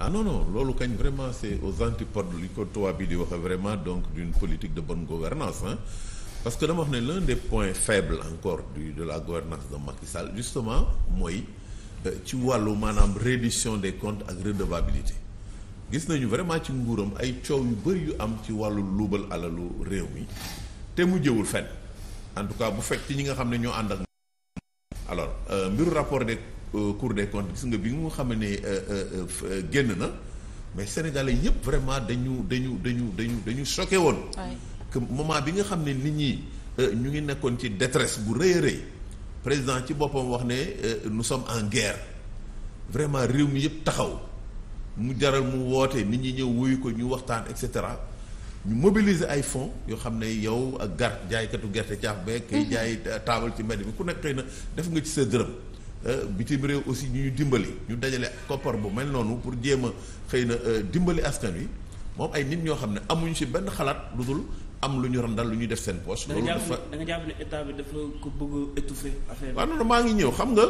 ah non non loolu kañ vraiment c'est aux antipodes li ko tubaab bi di waxe vraiment donc d'une politique de bonne gouvernance hein parce que dama wax ne l'un des points faibles encore du de la gouvernance de Macky Sall justement mooy euh, ci wàllu maanaam reddition des comptes ak redevabilité gis nañu vraiment ci nguuram ay coow yu bëri yu am ci wàllu luubal alalu réew mi te mu jëwul fenn en tout cas bu fekk ci ñi nga xam ne ñoo ànd ak alors euh, mbiru rapport de Euh, cour des comptes gis nga bi mu xam ne euh, euh, génn na mais sénégalais yëpp vraiment dañu dañu dañu dañu dañu choqué woon. que moment bi nga xam ne nit ñi ñu ngi nekkoon ci détresse bu rëy a rëy président ci boppam wax ne nous sommes en guerre vraiment réew mi yëpp taxaw mu jaral mu woote nit ñi ñëw wuyu ko ñu waxtaan et cetera. ñu mobiliser ay fonds yoo xam ne yow ak gar jaaykatu gerte caaf beeg. Mhm. jaay taabal ci mbedd bi ku nekk xëy na def nga ci sa dërëm. Euh, bitim réew aussi ñu dimbali ñu dajale koppar bu mel noonu pour jéem a xëy na euh, dimbali askan wi moom ay nit ñoo xam ne amuñu si benn xalaat lu dul am lu ñu randal lu ñuy def seen poche. loolu dafa da nga bi dafa ko bëgg a affaire waaw non maa ngi ñëw xam nga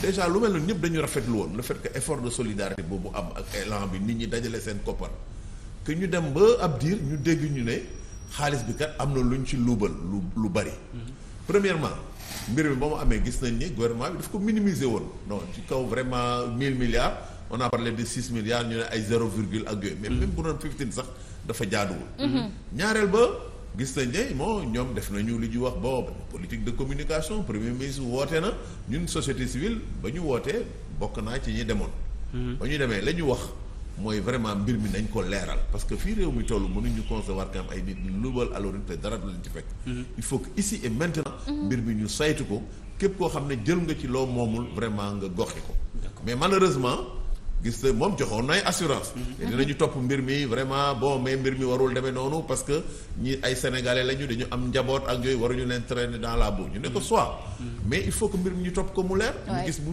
déjà lu mel noonu ñëpp dañu rafetlu woon le fait que effort de solidarité boobu am ak élan bi nit ñi dajale seen koppar que ñu dem ba ab diir ñu dégg ñu ne xaalis bi kat am na luñ ci luubal lu lu bari. Mm-hmm. premièrement. mbir mi ba mu amee gis nañ ni gouvernement bi daf ko minimiser woon non ci kaw vraiment 1000 milliards naa a parlé de 6 milliards ñu ne ay 0 virgule ak yooyu mais même bu doon 15 sax dafa jaaduwul. Mhm. ñaareel ba gis nañ ne moo ñoom def nañu li ñuy wax boobu politique de communication premier ministre wootee na ñun société civile ba ñu wootee bokk naa ci ñi demoon. Mhm. ba ñu demee la ñu wax. mooy vraiment mbir mi nañ ko leeral parce que fii réew mi toll mënuñu concevoir que am ay nit ñu lubal alorine te dara du leen ci fekk. Mm-hmm. il faut que ici et maintenant. Mm-hmm. mbir mi ñu saytu ko képp koo xam ne jël nga ci loo moomul vraiment nga goxi ko. mais malheureusement. gis nga moom joxoon na assurance te mm-hmm. ñu topp mbir mi vraiment bon mais mbir mi warul demee noonu parce que ñi ay sénégalais lañu dañu am njaboot ak yooyu waruñu leen traîner dans la boue. ñu ne ko soit. mais il faut mbir mi ñu topp ko mu leer. gis bu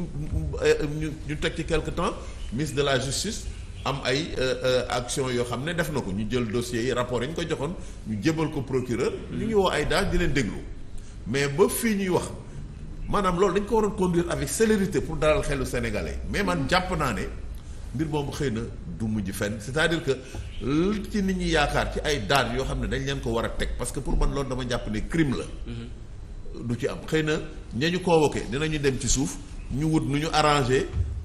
euh, ñu teg ci quelque temps ministre de la justice. am ay euh, euh, action yoo xam ne def na ko ñu jël dossiers yi rapport yi ñu ko joxoon ñu jébal ko procureur ñu ngi woo ay daal di leen déglu mais ba fii ñuy wax maanaam loolu dañ ko waroon conduire avec célérité pour dalal xelu sénégalais mais man jàpp naa ne mbir moomu xëy na du mujj fen c'est-à-dire que li ci nit ñi yaakaar ci ay daan yoo xam ne dañ leen ko war a teg parce que pour man loolu dama jàpp ne crime la. Mm-hmm. du ci am xëy na ña ñu convoqué dinañu dem ci suuf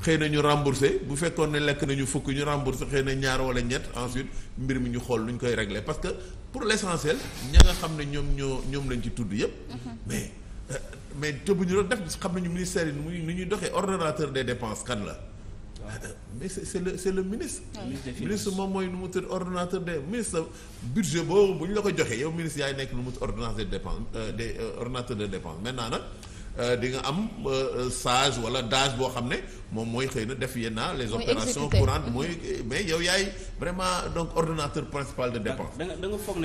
xëy na ñu remboursé bu fekkoon ne lekk nañu fukk ñu remboursé xëy na ñaar wala ñett en ensuite mbir mi ñu xool lu ñu koy réglé parce que pour l'essentiel ña nga xam ne ñoom ñoo ñoom lañ ci tudd yëpp mais euh, mais te bu ñu doon def xam nañu ñu yi nu ñuy doxee ordonnateur des dépenses kan la. Euh, mais le c'est le ministre. ministre moom mooy nu mu tudd ordinateur des ministre budget boobu bu ñu la ko joxee yow ministre yaay nekk nu mu tudd ordonnateur des dépenses euh, des ordonnateur de dépenses maintenant nag. Euh, di nga am euh, sage wala dage boo xam ne moom mooy xëy na def yenn les opérations courantes mooy mhm. mais yow yaay vraiment donc ordonnateur principal de dépense